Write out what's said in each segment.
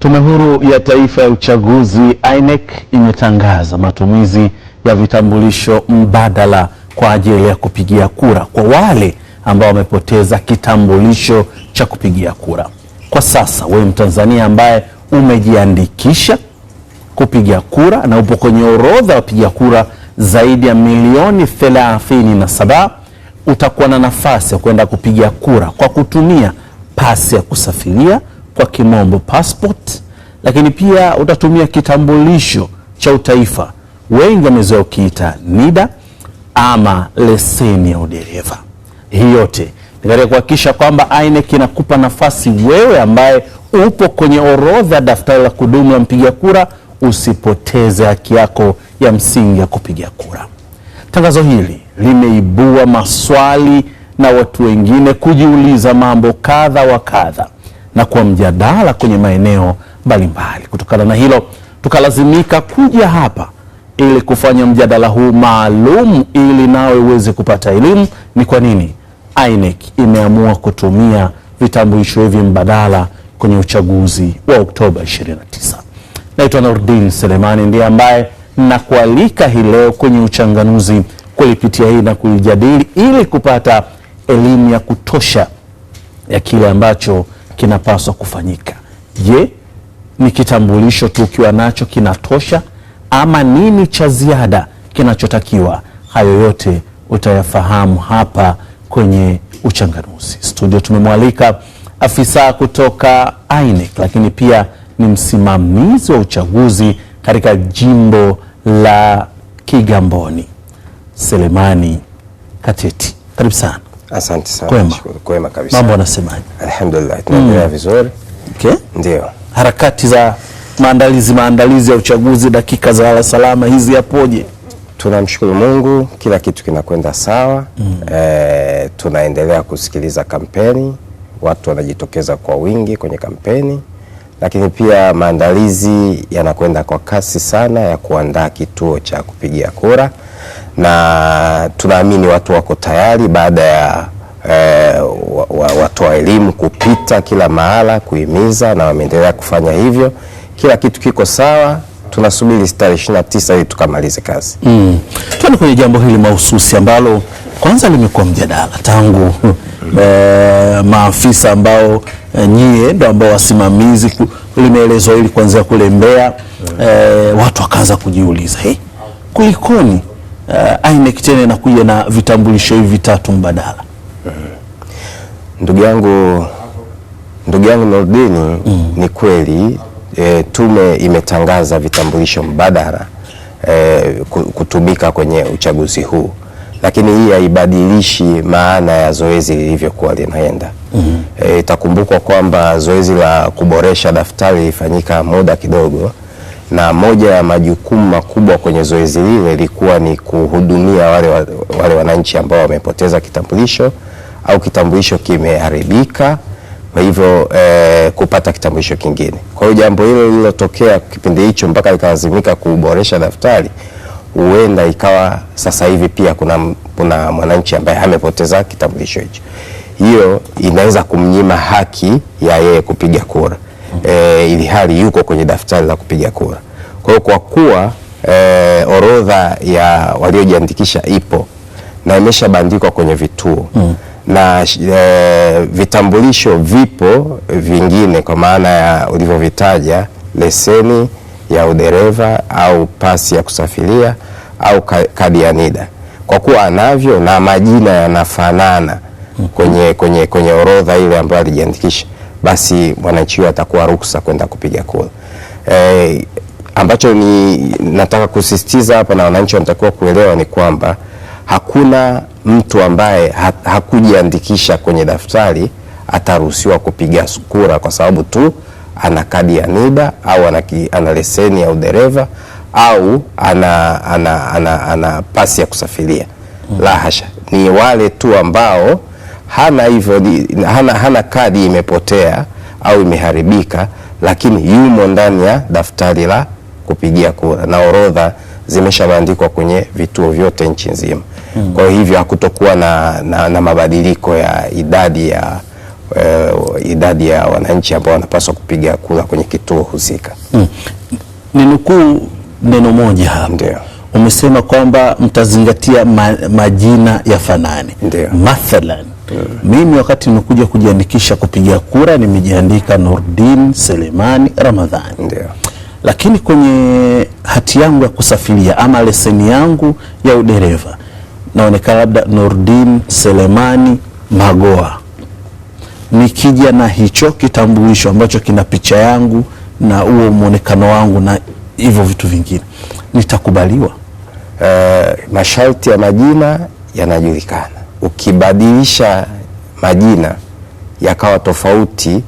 Tume Huru ya Taifa ya Uchaguzi INEC imetangaza matumizi ya vitambulisho mbadala kwa ajili ya kupigia kura kwa wale ambao wamepoteza kitambulisho cha kupigia kura. Kwa sasa wewe Mtanzania ambaye umejiandikisha kupiga kura na upo kwenye orodha wapiga kura zaidi ya milioni 37 utakuwa na nafasi ya kwenda kupiga kura kwa kutumia pasi ya kusafiria kwa kimombo passport, lakini pia utatumia kitambulisho cha utaifa, wengi wamezoea ukiita NIDA ama leseni ya udereva. Hii yote ni katika kuhakikisha kwamba INEC inakupa nafasi wewe ambaye upo kwenye orodha ya daftari la kudumu la mpiga kura usipoteze haki yako ya msingi ya kupiga kura. Tangazo hili limeibua maswali na watu wengine kujiuliza mambo kadha wa kadha na kuwa mjadala kwenye maeneo mbalimbali. Kutokana na hilo, tukalazimika kuja hapa ili kufanya mjadala huu maalum ili nawe uweze kupata elimu ni kwa nini INEC imeamua kutumia vitambulisho hivi mbadala kwenye uchaguzi wa Oktoba 29. Naitwa Nurdin Selemani ndiye ambaye nakualika hii leo kwenye Uchanganuzi kulipitia hii na kuijadili ili kupata elimu ya kutosha ya kile ambacho kinapaswa kufanyika. Je, ni kitambulisho tu ukiwa nacho kinatosha ama nini cha ziada kinachotakiwa? Hayo yote utayafahamu hapa kwenye Uchanganuzi. Studio tumemwalika afisa kutoka INEC, lakini pia ni msimamizi wa uchaguzi katika jimbo la Kigamboni, Selemani Kateti. Karibu sana. Asante sana. Kwema. Kwema kabisa. Mambo anasemaje? Alhamdulillah tunaendelea mm. vizuri. Okay. Ndio. Harakati za maandalizi maandalizi ya uchaguzi dakika za salama hizi yapoje? Tunamshukuru Mungu, kila kitu kinakwenda sawa mm. E, tunaendelea kusikiliza kampeni, watu wanajitokeza kwa wingi kwenye kampeni, lakini pia maandalizi yanakwenda kwa kasi sana ya kuandaa kituo cha kupigia kura na tunaamini watu wako tayari baada ya eh, watoa wa, wa elimu kupita kila mahala kuhimiza, na wameendelea kufanya hivyo. Kila kitu kiko sawa, tunasubiri tarehe 29 ili tukamalize kazi mm. Tuende kwenye jambo hili mahususi ambalo kwanza limekuwa mjadala tangu e, maafisa ambao e, nyie ndo ambao wasimamizi, limeelezwa hili kuanzia kule Mbeya e, watu wakaanza kujiuliza hey, kulikoni uh, eh, INEC tena inakuja na vitambulisho hivi vitatu mbadala mm. Ndugu yangu ndugu yangu Nordini mm. Ni kweli e, tume imetangaza vitambulisho mbadala e, kutumika kwenye uchaguzi huu, lakini hii haibadilishi maana ya zoezi lilivyokuwa linaenda mm. E, itakumbukwa kwamba zoezi la kuboresha daftari lilifanyika muda kidogo na moja ya majukumu makubwa kwenye zoezi lile ilikuwa ni kuhudumia wale, wale wananchi ambao wamepoteza kitambulisho au kitambulisho kimeharibika, kwa hivyo eh, kupata kitambulisho kingine. Kwa hiyo jambo hilo lililotokea kipindi hicho mpaka ikalazimika kuboresha daftari, huenda ikawa sasa hivi pia kuna, kuna mwananchi ambaye amepoteza kitambulisho hicho, hiyo inaweza kumnyima haki ya yeye kupiga kura e, ili hali yuko kwenye daftari la kupiga kura. Kwa hiyo kwa kuwa e, orodha ya waliojiandikisha ipo na imeshabandikwa kwenye vituo mm. na e, vitambulisho vipo vingine kwa maana ya ulivyovitaja leseni ya udereva au pasi ya kusafiria au kadi ya NIDA kwa kuwa anavyo na majina yanafanana mm. kwenye, kwenye, kwenye orodha ile ambayo alijiandikisha, basi mwananchi huyo atakuwa ruksa kwenda kupiga kura. E, ambacho ni nataka kusisitiza hapa na wananchi wanatakiwa kuelewa ni kwamba hakuna mtu ambaye ha, hakujiandikisha kwenye daftari ataruhusiwa kupiga kura kwa sababu tu ana kadi ya NIDA au ana, ana leseni ya udereva au ana, ana, ana, ana, ana pasi ya kusafiria. Hmm. La hasha, ni wale tu ambao hana hivyo, hana, hana kadi imepotea au imeharibika, lakini yumo ndani ya daftari la kupigia kura na orodha zimeshaandikwa kwenye vituo vyote nchi nzima. Mm. Kwa hivyo hakutokuwa na, na, na mabadiliko ya idadi ya uh, idadi ya wananchi ambao wanapaswa kupiga kura kwenye kituo husika. Mm. Ninukuu neno moja hapo. Ndio. Umesema kwamba mtazingatia ma, majina ya fanani. Ndio. Mathalan mimi wakati nimekuja kujiandikisha kupiga kura nimejiandika Nurdin Selemani Ramadhani. Lakini kwenye hati yangu ya kusafiria ama leseni yangu ya udereva naonekana labda Nurdin Selemani Magoa. Nikija na hicho kitambulisho ambacho kina picha yangu na huo mwonekano wangu na hivyo vitu vingine nitakubaliwa? Uh, masharti ya majina yanajulikana ukibadilisha majina yakawa tofauti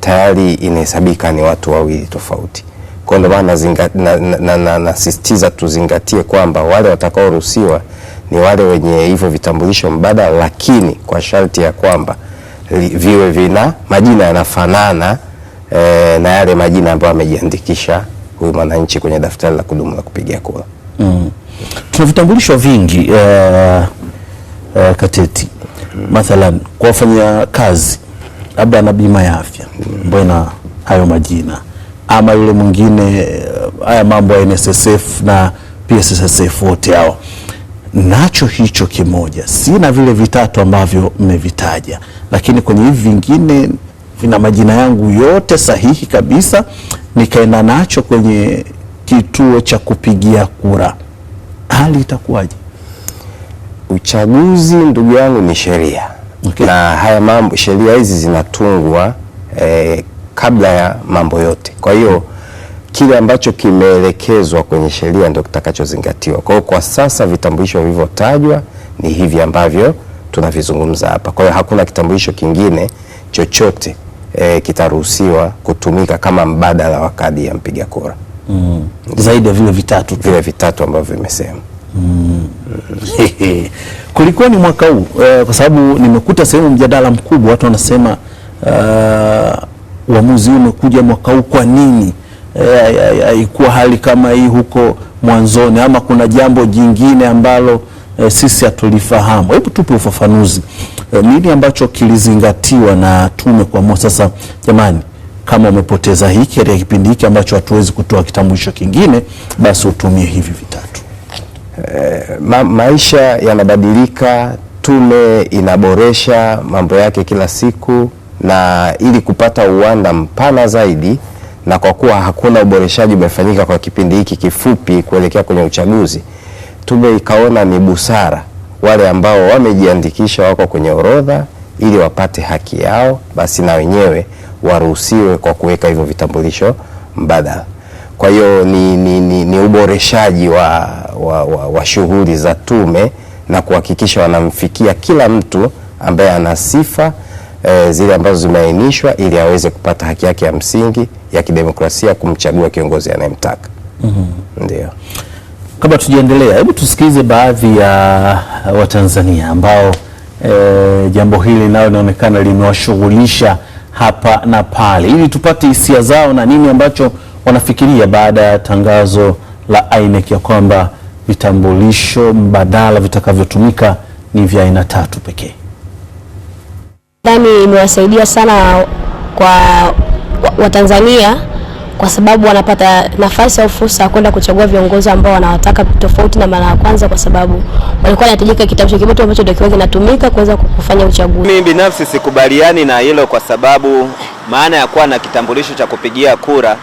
tayari inahesabika ni watu wawili tofauti. Kwa ndio maana nasisitiza tuzingatie kwamba wale watakaoruhusiwa ni wale wenye hivyo vitambulisho mbadala, lakini kwa sharti ya kwamba viwe vina majina yanafanana e, na yale majina ambayo amejiandikisha huyu mwananchi kwenye daftari la kudumu la kupiga kura. Mm. Tuna vitambulisho vingi uh uh, kateti mathalan kwa wafanya kazi labda ana bima ya afya ambayo ina hayo majina ama yule mwingine eh, haya mambo ya NSSF na PSSSF wote hao nacho hicho kimoja, sina vile vitatu ambavyo mmevitaja, lakini kwenye hivi vingine vina majina yangu yote sahihi kabisa, nikaenda nacho kwenye kituo cha kupigia kura, hali itakuwaje? uchaguzi ndugu yangu ni sheria okay. Na haya mambo sheria hizi zinatungwa eh, kabla ya mambo yote, kwa hiyo kile ambacho kimeelekezwa kwenye sheria ndio kitakachozingatiwa. Kwa hiyo kwa sasa vitambulisho vilivyotajwa ni hivi ambavyo tunavizungumza hapa. Kwa hiyo hakuna kitambulisho kingine chochote e, kitaruhusiwa kutumika kama mbadala wa kadi ya mpiga kura mm. zaidi ya vile vitatu vile vitatu ambavyo vimesema. Mm. Kulikuwa ni mwaka huu uh, kwa sababu nimekuta sehemu mjadala mkubwa watu wanasema eh, uamuzi uh, huu umekuja mwaka huu kwa nini? Eh, haikuwa uh, hali kama hii huko mwanzoni ama kuna jambo jingine ambalo uh, sisi hatulifahamu. Hebu tupe ufafanuzi uh, nini ambacho kilizingatiwa na tume kuamua sasa, jamani kama umepoteza hiki katika kipindi hiki ambacho hatuwezi kutoa kitambulisho kingine, basi utumie hivi vitatu. Eh, ma maisha yanabadilika, tume inaboresha mambo yake kila siku, na ili kupata uwanda mpana zaidi, na kwa kuwa hakuna uboreshaji umefanyika kwa kipindi hiki kifupi kuelekea kwenye uchaguzi, tume ikaona ni busara wale ambao wamejiandikisha wako kwenye orodha ili wapate haki yao, basi na wenyewe waruhusiwe kwa kuweka hivyo vitambulisho mbadala. Kwa hiyo ni, ni, ni, ni uboreshaji wa wa, wa, wa shughuli za tume na kuhakikisha wanamfikia kila mtu ambaye ana sifa e, zile ambazo zimeainishwa ili aweze kupata haki yake ya msingi ya kidemokrasia kumchagua kiongozi anayemtaka. mm -hmm. Ndio. Kabla tujaendelea, hebu tusikize baadhi ya Watanzania ambao e, jambo hili nao linaonekana limewashughulisha hapa na pale, ili tupate hisia zao na nini ambacho wanafikiria baada ya tangazo la INEC ya kwamba vitambulisho mbadala vitakavyotumika ni vya aina tatu pekee. Nadhani imewasaidia sana kwa Watanzania kwa sababu wanapata nafasi au fursa ya kwenda kuchagua viongozi ambao wanawataka tofauti na mara ya kwanza, kwa sababu walikuwa wanahitajika kitambulisho kimoja ambacho ndio kiwa kinatumika kuweza kufanya uchaguzi. Mimi binafsi sikubaliani na hilo, kwa sababu maana ya kuwa na kitambulisho cha kupigia kura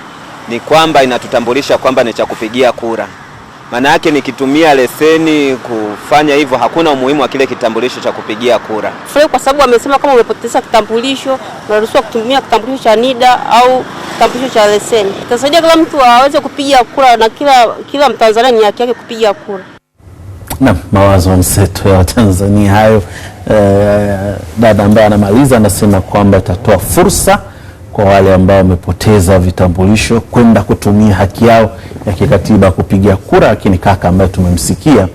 ni kwamba inatutambulisha kwamba ni cha kupigia kura. Maana yake nikitumia leseni kufanya hivyo, hakuna umuhimu wa kile kitambulisho cha kupigia kura. Furahi kwa sababu amesema kama umepoteza kitambulisho, unaruhusiwa kutumia kitambulisho cha NIDA au kitambulisho cha leseni. Itasaidia kila mtu aweze kupiga kura na kila kila Mtanzania ni haki yake kupiga kura. Naam, mawazo mseto ya Watanzania hayo. Eh, dada ambaye anamaliza anasema kwamba itatoa fursa kwa wale ambao wamepoteza vitambulisho kwenda kutumia haki yao ya kikatiba kupiga kura. Lakini kaka ambaye tumemsikia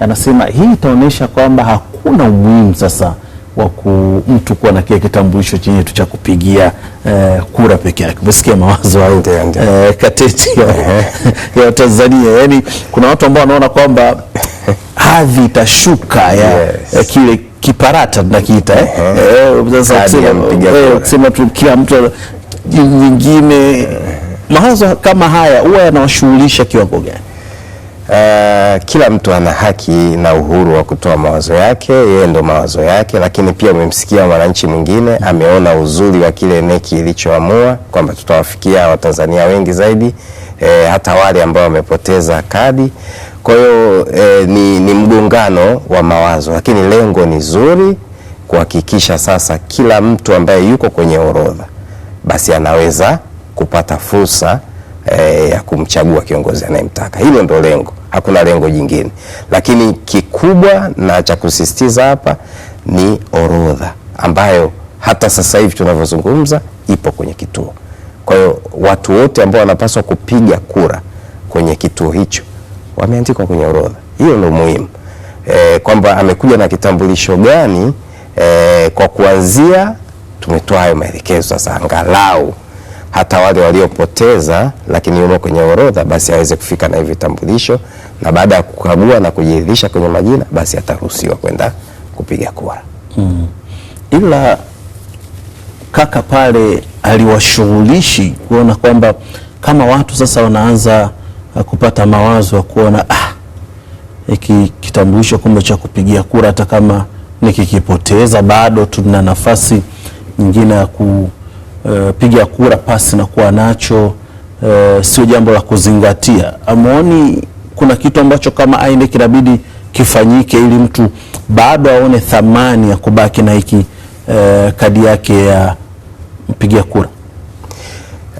anasema hii itaonyesha kwamba hakuna umuhimu sasa wa mtu kuwa na kile kitambulisho chenye tu cha kupigia eh, kura peke yake. Umesikia mawazo hayo eh, kateti ya Watanzania. Yaani kuna watu ambao wanaona kwamba hadhi itashuka ya yes. kile kiparata tunakiita eh? Eh, sasa kusema eh, kila mtu nyingine. Mawazo kama haya huwa yanawashughulisha kiwango gani? Uh, kila mtu ana haki na uhuru wa kutoa mawazo yake, yeye ndo mawazo yake, lakini pia umemsikia mwananchi mwingine ameona uzuri wa kile neki ilichoamua kwamba tutawafikia Watanzania wengi zaidi, eh, hata wale ambao wamepoteza kadi kwa hiyo e, ni, ni mgongano wa mawazo, lakini lengo ni zuri kuhakikisha sasa kila mtu ambaye yuko kwenye orodha basi anaweza kupata fursa e, ya kumchagua kiongozi anayemtaka. Hilo ndo lengo, hakuna lengo jingine. Lakini kikubwa na cha kusisitiza hapa ni orodha ambayo hata sasa hivi tunavyozungumza ipo kwenye kituo. Kwa hiyo watu wote ambao wanapaswa kupiga kura kwenye kituo hicho wameandikwa kwenye orodha. Hiyo ndio muhimu e, kwamba amekuja na kitambulisho gani e, kwa kuanzia tumetoa hayo maelekezo sasa, angalau hata wale waliopoteza lakini yumo kwenye orodha, basi aweze kufika na hivi vitambulisho, na baada ya kukagua na kujiridhisha kwenye majina, basi ataruhusiwa kwenda kupiga kura mm. Ila kaka pale aliwashughulishi kuona kwamba kama watu sasa wanaanza kupata mawazo ya kuona ah, iki kitambulisho kumbe cha kupigia kura, hata kama nikikipoteza bado tuna nafasi nyingine ya kupiga eh, kura pasi na kuwa nacho. Uh, sio jambo la kuzingatia. Amuoni kuna kitu ambacho kama aende kinabidi kifanyike ili mtu bado aone thamani ya kubaki na hiki uh, kadi yake ya mpiga kura.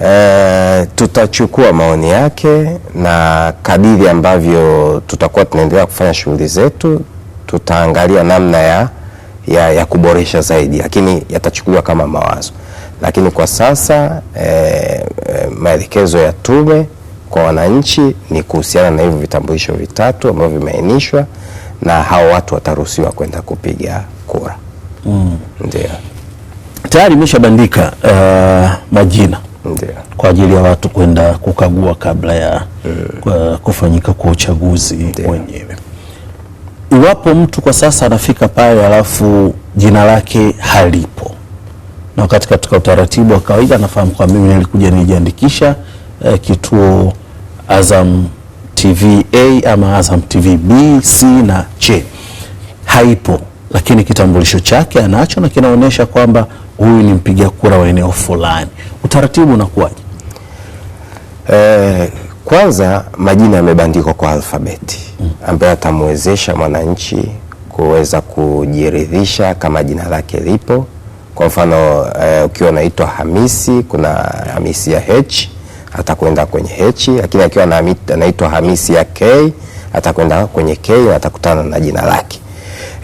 E, tutachukua maoni yake na kadiri ambavyo tutakuwa tunaendelea kufanya shughuli zetu tutaangalia namna ya, ya, ya kuboresha zaidi, lakini yatachukuliwa kama mawazo. Lakini kwa sasa e, e, maelekezo ya tume kwa wananchi ni kuhusiana na hivyo vitambulisho vitatu ambavyo vimeainishwa na hao watu wataruhusiwa kwenda kupiga kura. Mm. Ndio tayari imeshabandika uh, majina Ndiyo. kwa ajili ya watu kwenda kukagua kabla ya eh. kwa kufanyika kwa uchaguzi wenyewe. Iwapo mtu kwa sasa anafika pale alafu jina lake halipo, na wakati katika utaratibu wa kawaida anafahamu kwa mimi nilikuja nijiandikisha eh, kituo Azam TV A ama Azam TV B, C na C, haipo, lakini kitambulisho chake anacho na kinaonyesha kwamba huyu ni mpiga kura wa eneo fulani. Utaratibu unakuwaje? Eh, kwanza majina yamebandikwa kwa alfabeti mm, ambayo atamwezesha mwananchi kuweza kujiridhisha kama jina lake lipo. Kwa mfano eh, ukiwa unaitwa Hamisi kuna Hamisi ya H atakwenda kwenye H, lakini akiwa anaitwa Hamisi ya K atakwenda kwenye K na atakutana na jina lake.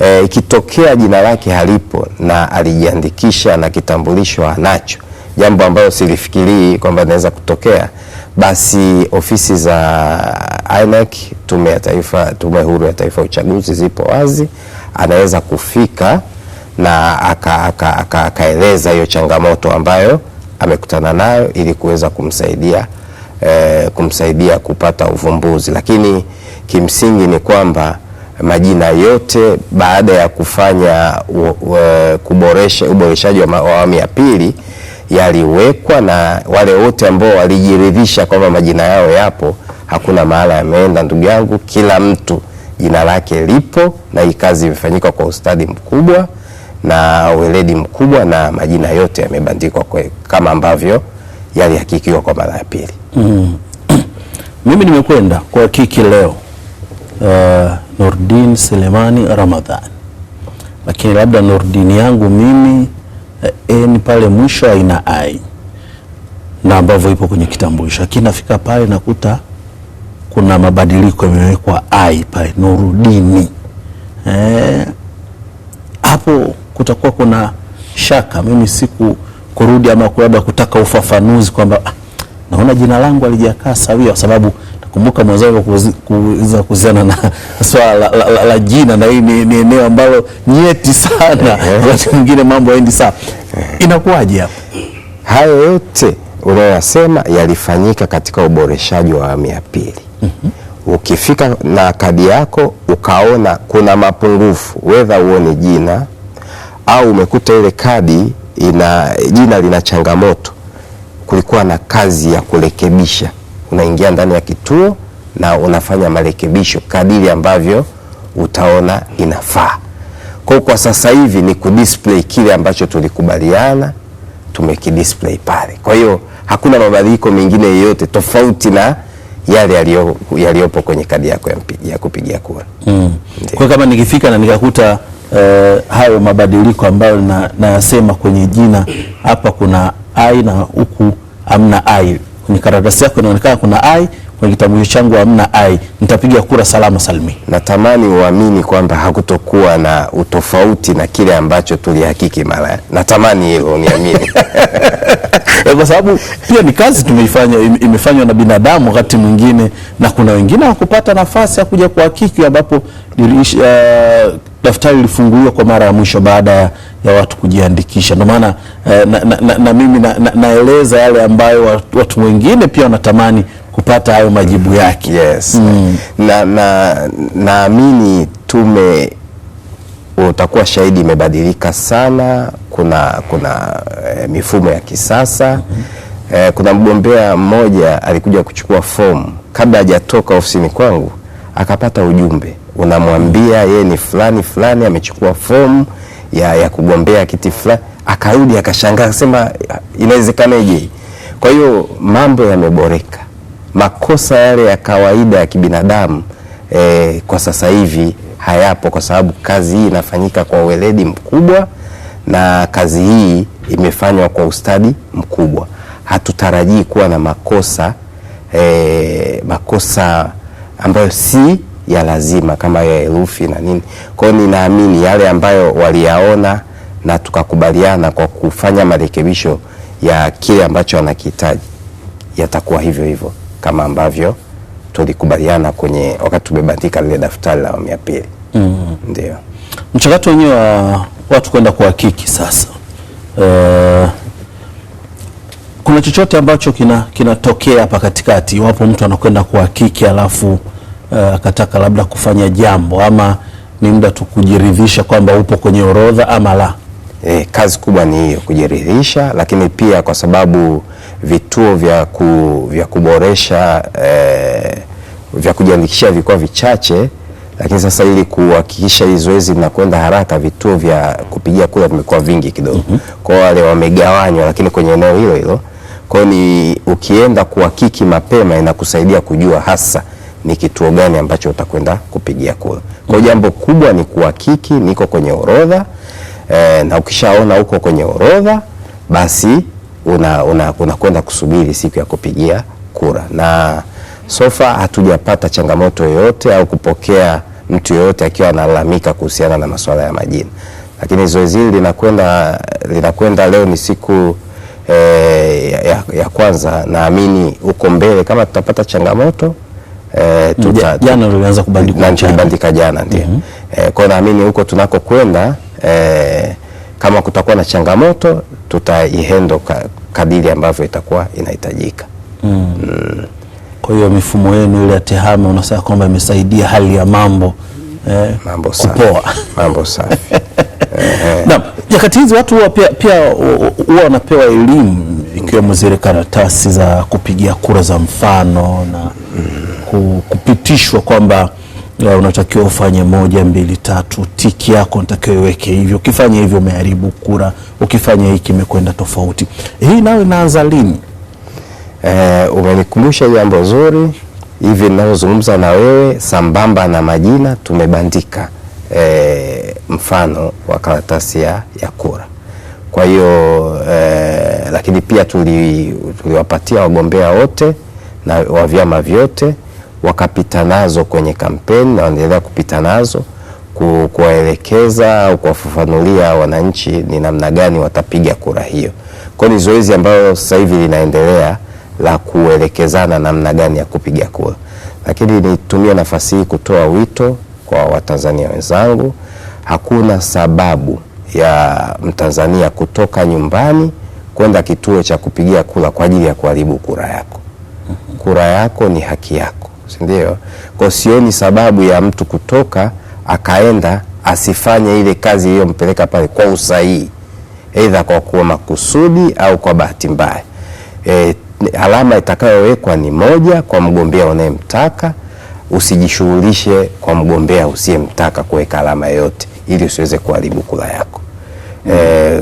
Eh, ikitokea e, jina lake halipo na alijiandikisha na kitambulisho anacho, jambo ambalo silifikirii kwamba inaweza kutokea, basi ofisi za INEC, tume ya taifa, tume huru ya taifa ya uchaguzi zipo wazi, anaweza kufika na akaeleza aka, aka, aka hiyo changamoto ambayo amekutana nayo ili kuweza kumsaidia e, kumsaidia kupata uvumbuzi, lakini kimsingi ni kwamba majina yote baada ya kufanya kuboresha uboreshaji wa awamu ya pili yaliwekwa na wale wote ambao walijiridhisha kwamba majina yao yapo, hakuna mahala yameenda. Ndugu yangu, kila mtu jina lake lipo, na hii kazi imefanyika kwa ustadi mkubwa na weledi mkubwa, na majina yote yamebandikwa kama ambavyo yalihakikiwa kwa mara ya pili. Mm. Mimi nimekwenda kuhakiki leo uh, Nurdin Selemani ramadhan lakini labda Nurdin yangu mimi e, ni pale mwisho aina ai na ambavyo ipo kwenye kitambulisho, lakini nafika pale nakuta kuna mabadiliko yamewekwa ai pale Nurudini. E, eh, hapo kutakuwa kuna shaka. Mimi siku kurudi ama labda kutaka ufafanuzi kwamba ah, naona jina langu alijakaa sawia, kwa sababu Kumbuka mwenzangu, kuweza kuhusiana na swala la, la, la, la jina, na hii ni eneo ambalo nyeti sana, wakati mwingine mambo haendi sawa. Inakuwaje hapo? Hayo yote unayoyasema yalifanyika katika uboreshaji wa awamu ya pili. mm -hmm. Ukifika na kadi yako ukaona kuna mapungufu, wedha uone jina au umekuta ile kadi ina jina lina changamoto, kulikuwa na kazi ya kurekebisha unaingia ndani ya kituo na unafanya marekebisho kadiri ambavyo utaona inafaa. Kwa kwa sasa hivi ni kudisplay kile ambacho tulikubaliana tumekidisplay pale. Kwa hiyo hakuna mabadiliko mengine yoyote tofauti na yale yaliyopo kwenye kadi yako ya kupigia kura. Mm. Kwa kama nikifika na nikakuta uh, hayo mabadiliko ambayo nayasema na kwenye jina hapa kuna ai na huku amna ai kwenye karatasi yako inaonekana kuna ai, kwenye kitambulisho changu hamna ai, nitapiga kura salama salmi. Natamani uamini kwamba hakutokuwa na utofauti na kile ambacho tulihakiki mara. Natamani hilo uniamini eh, kwa sababu pia ni kazi tumeifanya, imefanywa na binadamu wakati mwingine, na kuna wengine hawakupata nafasi ya kuja kuhakiki ambapo dirisha uh, eh, daftari lilifunguliwa kwa mara ya mwisho baada ya watu kujiandikisha. Ndio maana eh, na, na, na, na mimi na, na, naeleza yale ambayo watu wengine pia wanatamani kupata hayo majibu yake. Yes. Mm. Na naamini tume utakuwa shahidi imebadilika sana. Kuna, kuna e, mifumo ya kisasa mm -hmm. E, kuna mgombea mmoja alikuja kuchukua fomu kabla hajatoka ofisini kwangu akapata ujumbe unamwambia ye ni fulani fulani amechukua fomu ya, ya kugombea kiti fulani, akarudi akashangaa akasema inawezekanaje? Kwa hiyo mambo yameboreka, makosa yale ya kawaida ya kibinadamu eh, kwa sasa hivi hayapo, kwa sababu kazi hii inafanyika kwa weledi mkubwa na kazi hii imefanywa kwa ustadi mkubwa. Hatutarajii kuwa na makosa eh, makosa ambayo si ya lazima kama ya herufi na nini. Kwa hiyo ninaamini yale ambayo waliyaona na tukakubaliana kwa kufanya marekebisho ya kile ambacho anakihitaji yatakuwa hivyo hivyo kama ambavyo tulikubaliana kwenye wakati tumebandika lile daftari la awamu ya pili. Mm. Ndio mchakato wenyewe wa watu kwenda kuhakiki sasa. Uh, kuna chochote ambacho kinatokea kina hapa katikati, iwapo mtu anakwenda kuhakiki alafu Eh, akataka labda kufanya jambo ama ni muda tu kujiridhisha kwamba upo kwenye orodha ama la? E, kazi kubwa ni hiyo kujiridhisha, lakini pia kwa sababu vituo vya, ku, vya kuboresha e, vya kujiandikishia vilikuwa vichache, lakini sasa ili kuhakikisha hili zoezi linakwenda haraka, vituo vya kupigia kura vimekuwa vingi kidogo mm -hmm. Kwa wale wamegawanywa, lakini kwenye eneo hilo hilo, kwa ni ukienda kuhakiki mapema inakusaidia kujua hasa ni kituo gani ambacho utakwenda kupigia kura. Kwa jambo kubwa ni kuhakiki niko kwenye orodha e, na ukishaona uko kwenye orodha basi unakwenda una, una kusubiri siku ya kupigia kura, na sofa hatujapata changamoto yoyote au kupokea mtu yoyote akiwa analalamika kuhusiana na masuala ya majina, lakini zoezi hili linakwenda linakwenda, leo ni siku e, ya, ya kwanza. Naamini huko mbele kama tutapata changamoto Eh, jana ulianza kubandika kubandika jana ndio. mm -hmm. kwa naamini huko tunakokwenda eh, kama kutakuwa na changamoto tutaihendo ka, kadiri ambavyo itakuwa inahitajika. mm. mm. Kwa hiyo mifumo yenu ile ya tehama unasema kwamba imesaidia hali ya mambo eh, mambo safi, mambo safi eh, na nyakati hizi watu huwa pia pia huwa wanapewa elimu ikiwemo zile karatasi za kupigia kura za mfano na mm kupitishwa kwamba eh, unatakiwa ufanye moja mbili tatu, tiki yako natakiwa iweke hivyo, ukifanya hivyo umeharibu kura, ukifanya hiki imekwenda tofauti. Hii nayo inaanza lini? E, umenikumbusha jambo zuri. Hivi ninavyozungumza na wewe, sambamba na majina tumebandika e, mfano wa karatasi ya, ya kura. Kwa hiyo e, lakini pia tuliwapatia tuli wagombea wote na wa vyama vyote wakapita nazo kwenye kampeni na wanaendelea kupita nazo kuwaelekeza au kuwafafanulia wananchi ni namna gani watapiga kura hiyo. Kwa ni zoezi ambalo sasa hivi linaendelea la kuelekezana namna gani ya kupiga kura, lakini nitumie nafasi hii kutoa wito kwa Watanzania wenzangu, hakuna sababu ya Mtanzania kutoka nyumbani kwenda kituo cha kupigia kura kwa ajili ya kuharibu kura yako. Kura yako ni haki yako si ndio? Kwa sioni sababu ya mtu kutoka akaenda asifanye ile kazi iliyompeleka pale kwa usahihi, aidha kwa kuwa makusudi au kwa bahati mbaya. E, alama itakayowekwa ni moja kwa mgombea unayemtaka. Usijishughulishe kwa mgombea usiyemtaka kuweka alama yoyote, ili usiweze kuharibu kura yako. E,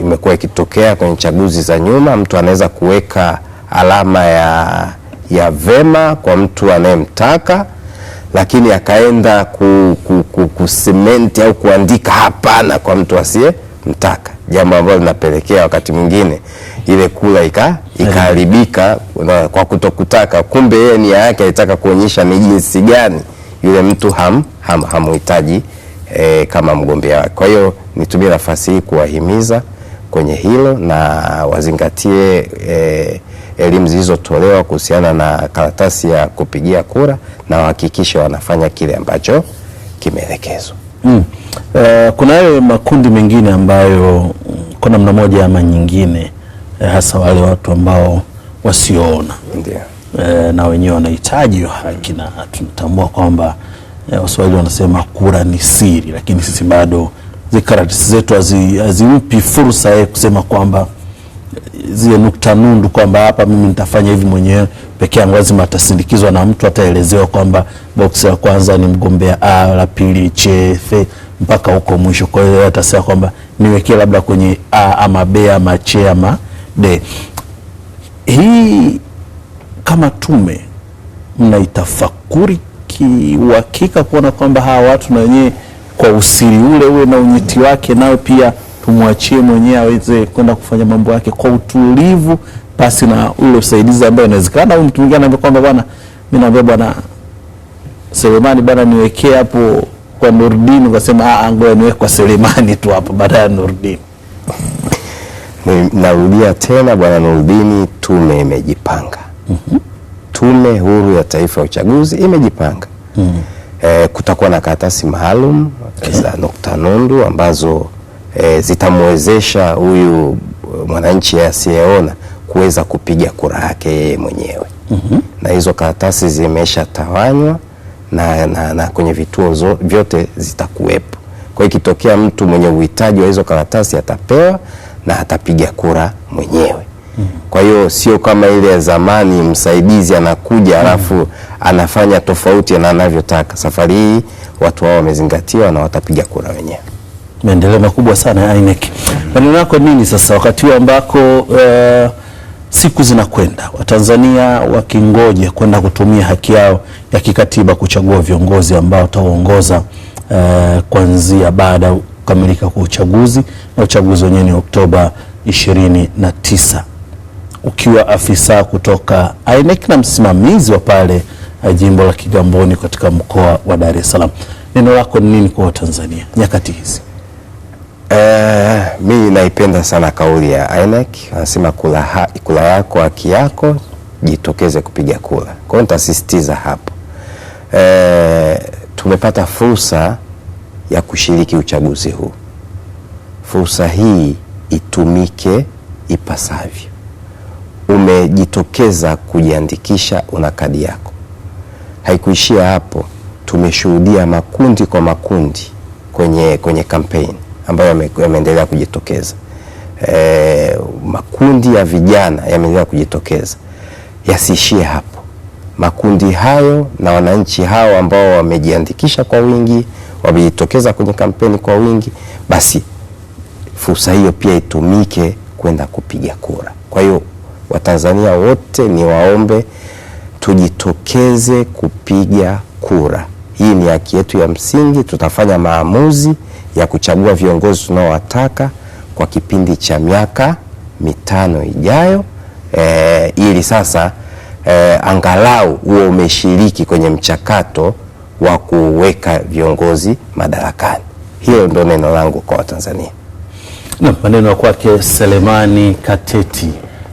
imekuwa ikitokea kwenye chaguzi za nyuma, mtu anaweza kuweka alama ya ya vema kwa mtu anayemtaka, lakini akaenda kusementi au kuandika hapana kwa mtu asiyemtaka, jambo ambalo linapelekea wakati mwingine ile kula ikaharibika kwa kutokutaka. Kumbe yeye nia yake alitaka kuonyesha ni jinsi gani yule mtu ham, ham, hamuhitaji e, kama mgombea wake. Kwa hiyo nitumie nafasi hii kuwahimiza kwenye hilo na wazingatie e, elimu zilizotolewa kuhusiana na karatasi ya kupigia kura na wahakikishe wanafanya kile ambacho kimeelekezwa. Mm. Uh, eh, kunayo makundi mengine ambayo kwa namna moja ama nyingine eh, hasa wale watu ambao wasioona eh, na wenyewe wanahitaji haki na tunatambua kwamba eh, Waswahili wanasema kura ni siri, lakini sisi bado zikaratasi zetu hazimpi fursa yeye kusema kwamba zile nukta nundu kwamba hapa mimi nitafanya hivi mwenyewe peke yangu, lazima atasindikizwa na mtu, ataelezewa kwamba box ya kwanza ni mgombea A, la pili chefe mpaka huko mwisho. Kwa hiyo atasema kwamba niwekee labda kwenye A ama B ama C ama D. Hii kama tume mnaitafakuri kiuhakika kuona kwamba hawa watu na wenyewe kwa usiri ule ule na unyeti wake nao pia tumwachie mwenyewe aweze kwenda kufanya mambo yake kwa utulivu, basi na ule usaidizi ambao inawezekana au mtu mwingine anaambia kwamba bwana, mimi naambia bwana Selemani bwana, niwekee hapo kwa Nurdin, ukasema ah, ah ngoja niweke kwa Selemani tu hapo baada ya Nurdin. Narudia tena, bwana Nurdin, tume imejipanga. mm -hmm. Tume Huru ya Taifa ya Uchaguzi imejipanga. mm -hmm. E, kutakuwa na karatasi maalum okay. za nukta nundu ambazo e, zitamwezesha huyu eh, mwananchi asiyeona kuweza kupiga kura yake yeye mwenyewe mm -hmm. Na hizo karatasi zimeshatawanywa na, na, na kwenye vituo zo, vyote zitakuwepo. Kwa hiyo ikitokea mtu mwenye uhitaji wa hizo karatasi atapewa na atapiga kura mwenyewe. Mhm. Kwa hiyo sio kama ile ya zamani, msaidizi anakuja mhm. alafu anafanya tofauti na anavyotaka. Safari hii watu wao wamezingatiwa na watapiga kura wenyewe maendeleo makubwa sana ya INEC. Maneno yako nini sasa wakati huu ambako uh, siku zinakwenda Watanzania wakingoja kwenda kutumia haki yao ya kikatiba kuchagua viongozi ambao wataongoza uh, eh, kuanzia baada kukamilika kwa uchaguzi na uchaguzi wenyewe ni Oktoba 29 ukiwa afisa kutoka INEC na msimamizi wa pale uh, jimbo la Kigamboni katika mkoa wa Dar es Salaam, neno lako ni nini kwa Watanzania nyakati hizi? Uh, mi naipenda sana kauli ya INEC, anasema kula, ha, kula yako haki yako, jitokeze kupiga kula Kwa hiyo nitasisitiza hapo. Uh, tumepata fursa ya kushiriki uchaguzi huu. Fursa hii itumike ipasavyo. Umejitokeza kujiandikisha, una kadi yako. Haikuishia hapo, tumeshuhudia makundi kwa makundi kwenye, kwenye kampeni ambayo yameendelea kujitokeza. E, makundi ya vijana yameendelea kujitokeza, yasiishie hapo. Makundi hayo na wananchi hao ambao wamejiandikisha kwa wingi, wamejitokeza kwenye kampeni kwa wingi, basi fursa hiyo pia itumike kwenda kupiga kura. Kwa hiyo Watanzania wote ni waombe tujitokeze kupiga kura. Hii ni haki yetu ya msingi. Tutafanya maamuzi ya kuchagua viongozi tunaowataka kwa kipindi cha miaka mitano ijayo, e, ili sasa e, angalau huo umeshiriki kwenye mchakato wa kuweka viongozi madarakani. Hilo ndo neno langu kwa Watanzania. Na maneno kwake Selemani Kateti,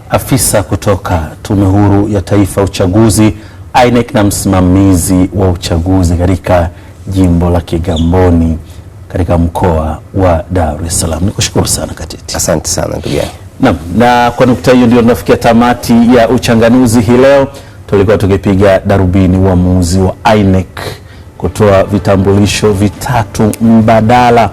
afisa kutoka Tume Huru ya Taifa Uchaguzi INEC na msimamizi wa uchaguzi katika jimbo la Kigamboni katika mkoa wa Dar es Salaam. Nikushukuru sana Katiti. Asante sana ndugu yangu. Naam, na kwa nukta hiyo ndio tunafikia tamati ya uchanganuzi hii leo. Tulikuwa tukipiga darubini uamuzi wa INEC kutoa vitambulisho vitatu mbadala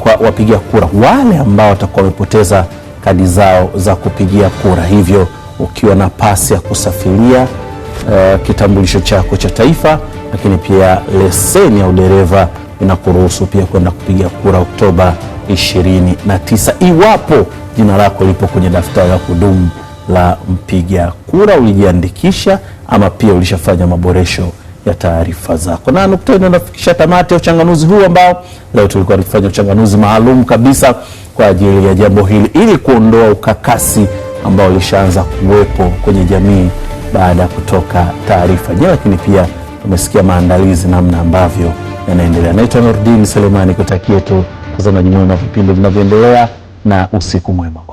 kwa wapiga kura wale ambao watakuwa wamepoteza kadi zao za kupigia kura. Hivyo ukiwa na pasi ya kusafiria uh, kitambulisho chako cha taifa, lakini pia leseni ya udereva inakuruhusu pia kwenda kupiga kura Oktoba 29 iwapo jina lako lipo kwenye daftari la kudumu la mpiga kura, ulijiandikisha ama pia ulishafanya maboresho ya taarifa zako. Na nukta hii inafikisha tamati ya uchanganuzi huu ambao leo tulikuwa tukifanya uchanganuzi maalum kabisa kwa ajili ya jambo hili ili kuondoa ukakasi ambao ulishaanza kuwepo kwenye jamii baada ya kutoka taarifa je, lakini pia tumesikia maandalizi namna ambavyo yanaendelea. Naitwa Nordin Selemani, kutakie tu utazamaji mwema vipindi vinavyoendelea na usiku mwema.